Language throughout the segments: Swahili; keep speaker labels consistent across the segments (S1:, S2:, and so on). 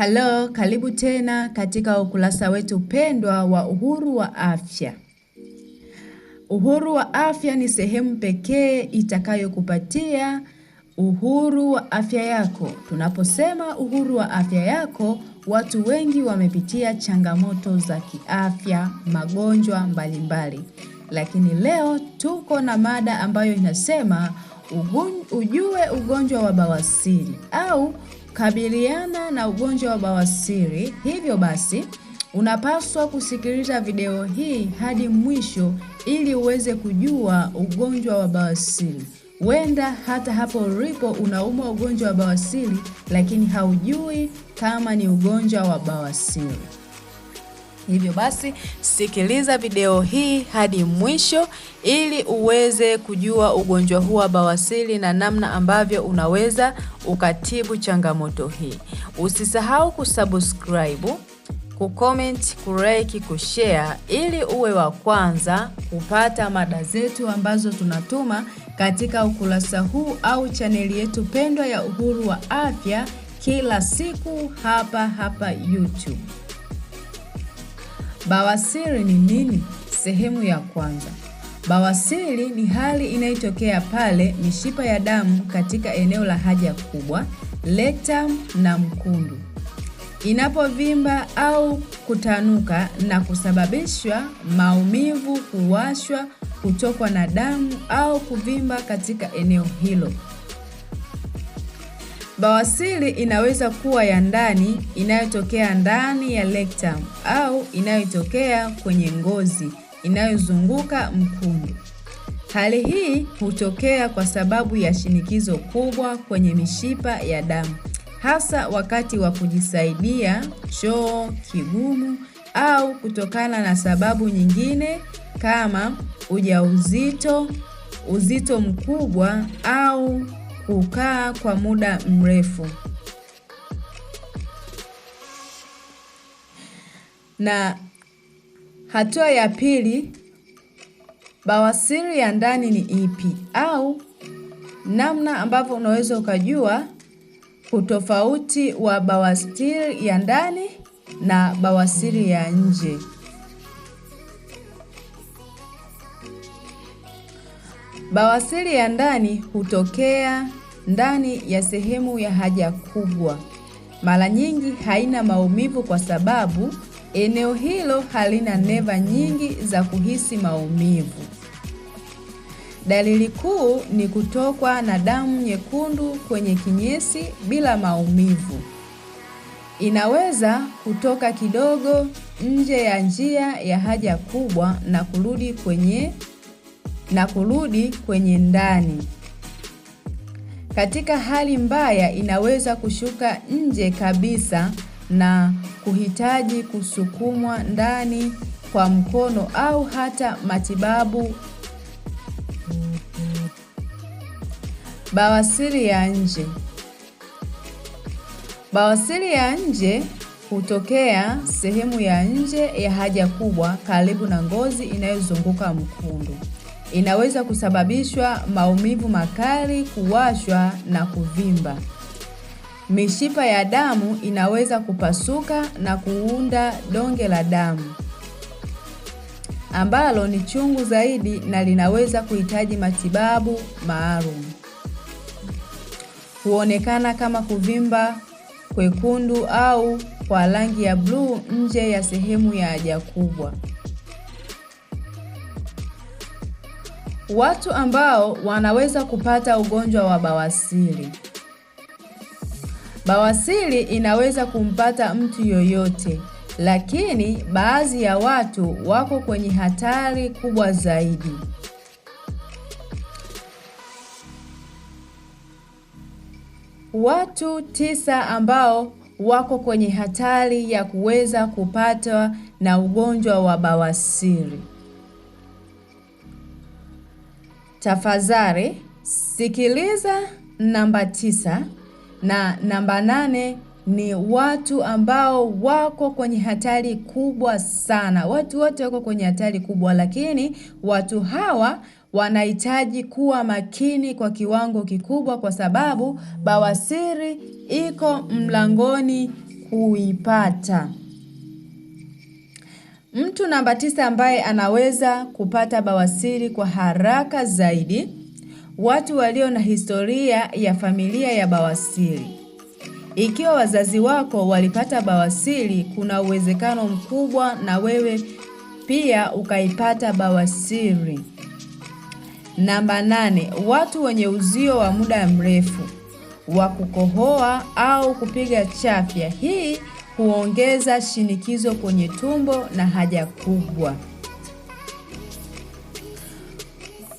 S1: Halo, karibu tena katika ukurasa wetu pendwa wa Uhuru wa Afya. Uhuru wa Afya ni sehemu pekee itakayokupatia uhuru wa afya yako. Tunaposema uhuru wa afya yako, watu wengi wamepitia changamoto za kiafya, magonjwa mbalimbali. Lakini leo tuko na mada ambayo inasema ujue ugonjwa wa bawasiri au kabiliana na ugonjwa wa bawasiri. Hivyo basi unapaswa kusikiliza video hii hadi mwisho ili uweze kujua ugonjwa wa bawasiri. Wenda hata hapo ulipo unaumwa ugonjwa wa bawasiri, lakini haujui kama ni ugonjwa wa bawasiri. Hivyo basi sikiliza video hii hadi mwisho ili uweze kujua ugonjwa huu wa bawasiri na namna ambavyo unaweza ukatibu changamoto hii. Usisahau kusubscribe, kucomment, kulike, kushare ili uwe wa kwanza kupata mada zetu ambazo tunatuma katika ukurasa huu au chaneli yetu pendwa ya Uhuru wa Afya kila siku hapa hapa YouTube. Bawasiri ni nini? Sehemu ya kwanza. Bawasiri ni hali inayotokea pale mishipa ya damu katika eneo la haja kubwa, rectum na mkundu inapovimba au kutanuka na kusababishwa maumivu, kuwashwa, kutokwa na damu au kuvimba katika eneo hilo. Bawasiri inaweza kuwa ya ndani inayotokea ndani ya rectum au inayotokea kwenye ngozi inayozunguka mkundu. Hali hii hutokea kwa sababu ya shinikizo kubwa kwenye mishipa ya damu, hasa wakati wa kujisaidia, choo kigumu, au kutokana na sababu nyingine kama ujauzito, uzito mkubwa au kukaa kwa muda mrefu. Na hatua ya pili, bawasiri ya ndani ni ipi au namna ambavyo unaweza ukajua utofauti wa bawasiri ya ndani na bawasiri ya nje. Bawasiri ya ndani hutokea ndani ya sehemu ya haja kubwa. Mara nyingi haina maumivu kwa sababu eneo hilo halina neva nyingi za kuhisi maumivu. Dalili kuu ni kutokwa na damu nyekundu kwenye kinyesi bila maumivu. Inaweza kutoka kidogo nje ya njia ya haja kubwa na kurudi kwenye na kurudi kwenye ndani katika hali mbaya inaweza kushuka nje kabisa na kuhitaji kusukumwa ndani kwa mkono au hata matibabu. Bawasiri ya nje. Bawasiri ya nje hutokea sehemu ya nje ya haja kubwa karibu na ngozi inayozunguka mkundu inaweza kusababishwa maumivu makali, kuwashwa na kuvimba. Mishipa ya damu inaweza kupasuka na kuunda donge la damu ambalo ni chungu zaidi na linaweza kuhitaji matibabu maalum. Huonekana kama kuvimba kwekundu au kwa rangi ya bluu nje ya sehemu ya haja kubwa. Watu ambao wanaweza kupata ugonjwa wa bawasiri. Bawasiri inaweza kumpata mtu yoyote, lakini baadhi ya watu wako kwenye hatari kubwa zaidi. Watu tisa ambao wako kwenye hatari ya kuweza kupatwa na ugonjwa wa bawasiri. Tafadhali sikiliza namba tisa na namba nane ni watu ambao wako kwenye hatari kubwa sana. Watu wote wako kwenye hatari kubwa, lakini watu hawa wanahitaji kuwa makini kwa kiwango kikubwa, kwa sababu bawasiri iko mlangoni kuipata. Mtu namba tisa ambaye anaweza kupata bawasiri kwa haraka zaidi, watu walio na historia ya familia ya bawasiri. Ikiwa wazazi wako walipata bawasiri, kuna uwezekano mkubwa na wewe pia ukaipata bawasiri. Namba nane, watu wenye uzio wa muda mrefu wa kukohoa au kupiga chafya. Hii huongeza shinikizo kwenye tumbo na haja kubwa.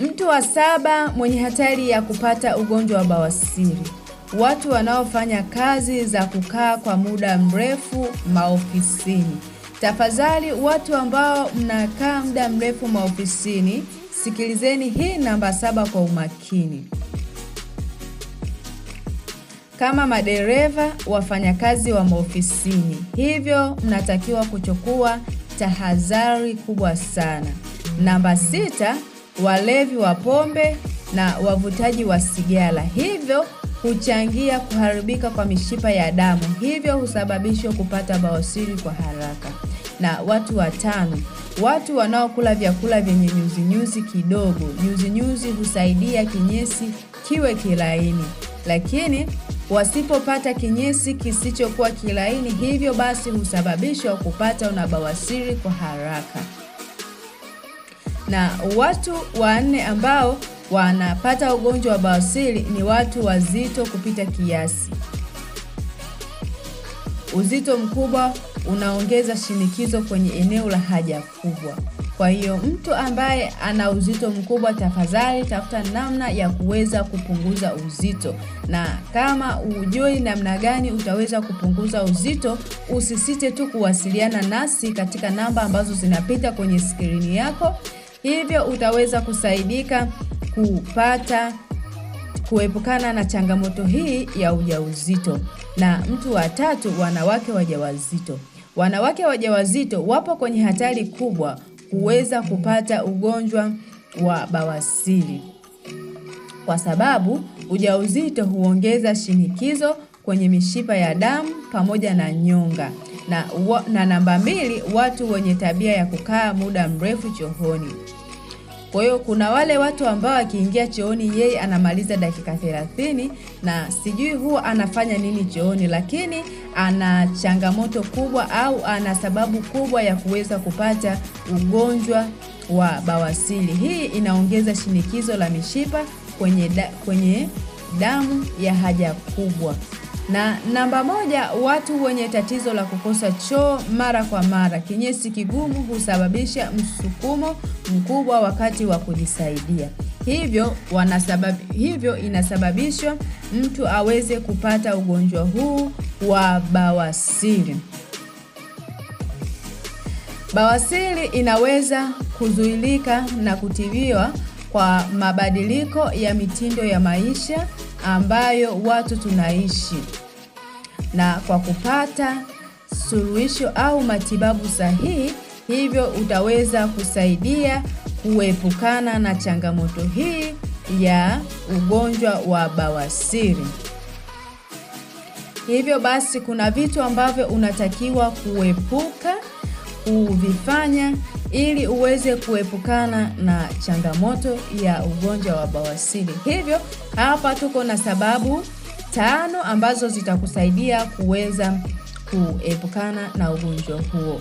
S1: Mtu wa saba mwenye hatari ya kupata ugonjwa wa bawasiri, watu wanaofanya kazi za kukaa kwa muda mrefu maofisini. Tafadhali, watu ambao mnakaa muda mrefu maofisini, sikilizeni hii namba saba kwa umakini kama madereva, wafanyakazi wa maofisini. Hivyo mnatakiwa kuchukua tahadhari kubwa sana. Namba sita, walevi wa pombe na wavutaji wa sigara, hivyo huchangia kuharibika kwa mishipa ya damu, hivyo husababisha kupata bawasiri kwa haraka. Na watu watano, watu wanaokula vyakula vyenye nyuzinyuzi kidogo. Nyuzinyuzi husaidia kinyesi kiwe kilaini, lakini wasipopata kinyesi kisichokuwa kilaini, hivyo basi husababishwa kupata unabawasiri kwa haraka. Na watu wanne ambao wanapata ugonjwa wa bawasiri ni watu wazito kupita kiasi. Uzito mkubwa unaongeza shinikizo kwenye eneo la haja kubwa. Kwa hiyo mtu ambaye ana uzito mkubwa, tafadhali tafuta namna ya kuweza kupunguza uzito, na kama ujui namna gani utaweza kupunguza uzito, usisite tu kuwasiliana nasi katika namba ambazo zinapita kwenye skrini yako. Hivyo utaweza kusaidika kupata kuepukana na changamoto hii ya ujauzito. Na mtu wa tatu, wanawake wajawazito. Wanawake wajawazito wapo kwenye hatari kubwa kuweza kupata ugonjwa wa bawasiri, kwa sababu ujauzito huongeza shinikizo kwenye mishipa ya damu pamoja na nyonga na, na namba mbili, watu wenye tabia ya kukaa muda mrefu chooni. Kwa hiyo kuna wale watu ambao akiingia chooni yeye anamaliza dakika 30 na sijui huwa anafanya nini chooni, lakini ana changamoto kubwa au ana sababu kubwa ya kuweza kupata ugonjwa wa bawasiri. Hii inaongeza shinikizo la mishipa kwenye, da, kwenye damu ya haja kubwa. Na namba moja, watu wenye tatizo la kukosa choo mara kwa mara, kinyesi kigumu husababisha msukumo mkubwa wakati wa kujisaidia. Hivyo, wanasababi, hivyo inasababishwa mtu aweze kupata ugonjwa huu wa bawasiri. Bawasiri inaweza kuzuilika na kutibiwa kwa mabadiliko ya mitindo ya maisha ambayo watu tunaishi na kwa kupata suluhisho au matibabu sahihi hivyo utaweza kusaidia kuepukana na changamoto hii ya ugonjwa wa bawasiri. Hivyo basi kuna vitu ambavyo unatakiwa kuepuka kuvifanya ili uweze kuepukana na changamoto ya ugonjwa wa bawasiri. Hivyo hapa tuko na sababu tano ambazo zitakusaidia kuweza kuepukana na ugonjwa huo.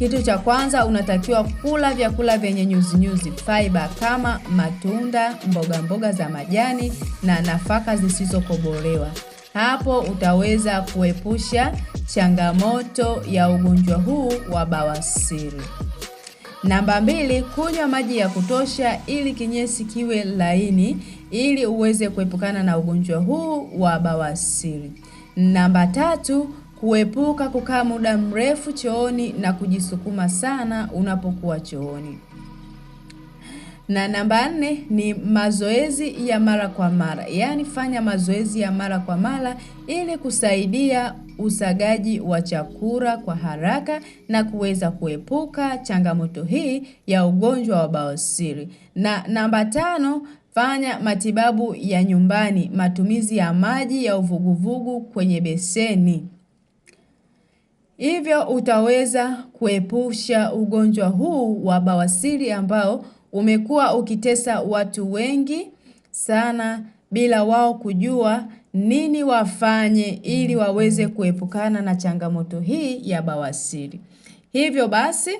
S1: Kitu cha kwanza unatakiwa kula vyakula vyenye nyuzinyuzi fiber kama matunda, mboga mboga za majani na nafaka zisizokobolewa. Hapo utaweza kuepusha changamoto ya ugonjwa huu wa bawasiri. Namba mbili, kunywa maji ya kutosha ili kinyesi kiwe laini ili uweze kuepukana na ugonjwa huu wa bawasiri. Namba tatu, Kuepuka kukaa muda mrefu chooni na kujisukuma sana unapokuwa chooni. Na namba nne ni mazoezi ya mara kwa mara, yaani fanya mazoezi ya mara kwa mara ili kusaidia usagaji wa chakula kwa haraka na kuweza kuepuka changamoto hii ya ugonjwa wa bawasiri. Na namba tano, fanya matibabu ya nyumbani, matumizi ya maji ya uvuguvugu kwenye beseni. Hivyo utaweza kuepusha ugonjwa huu wa bawasiri ambao umekuwa ukitesa watu wengi sana bila wao kujua nini wafanye ili waweze kuepukana na changamoto hii ya bawasiri. Hivyo basi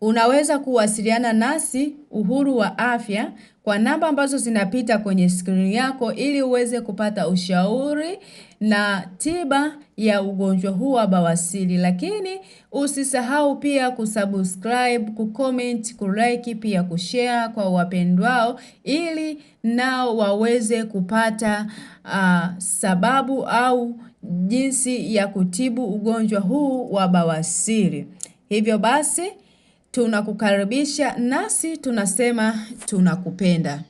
S1: unaweza kuwasiliana nasi Uhuru wa Afya kwa namba ambazo zinapita kwenye skrini yako ili uweze kupata ushauri na tiba ya ugonjwa huu wa bawasiri. Lakini usisahau pia kusubscribe, kucomment, kulike, pia kushare kwa wapendwao, ili nao waweze kupata uh, sababu au jinsi ya kutibu ugonjwa huu wa bawasiri. Hivyo basi tunakukaribisha nasi tunasema tunakupenda.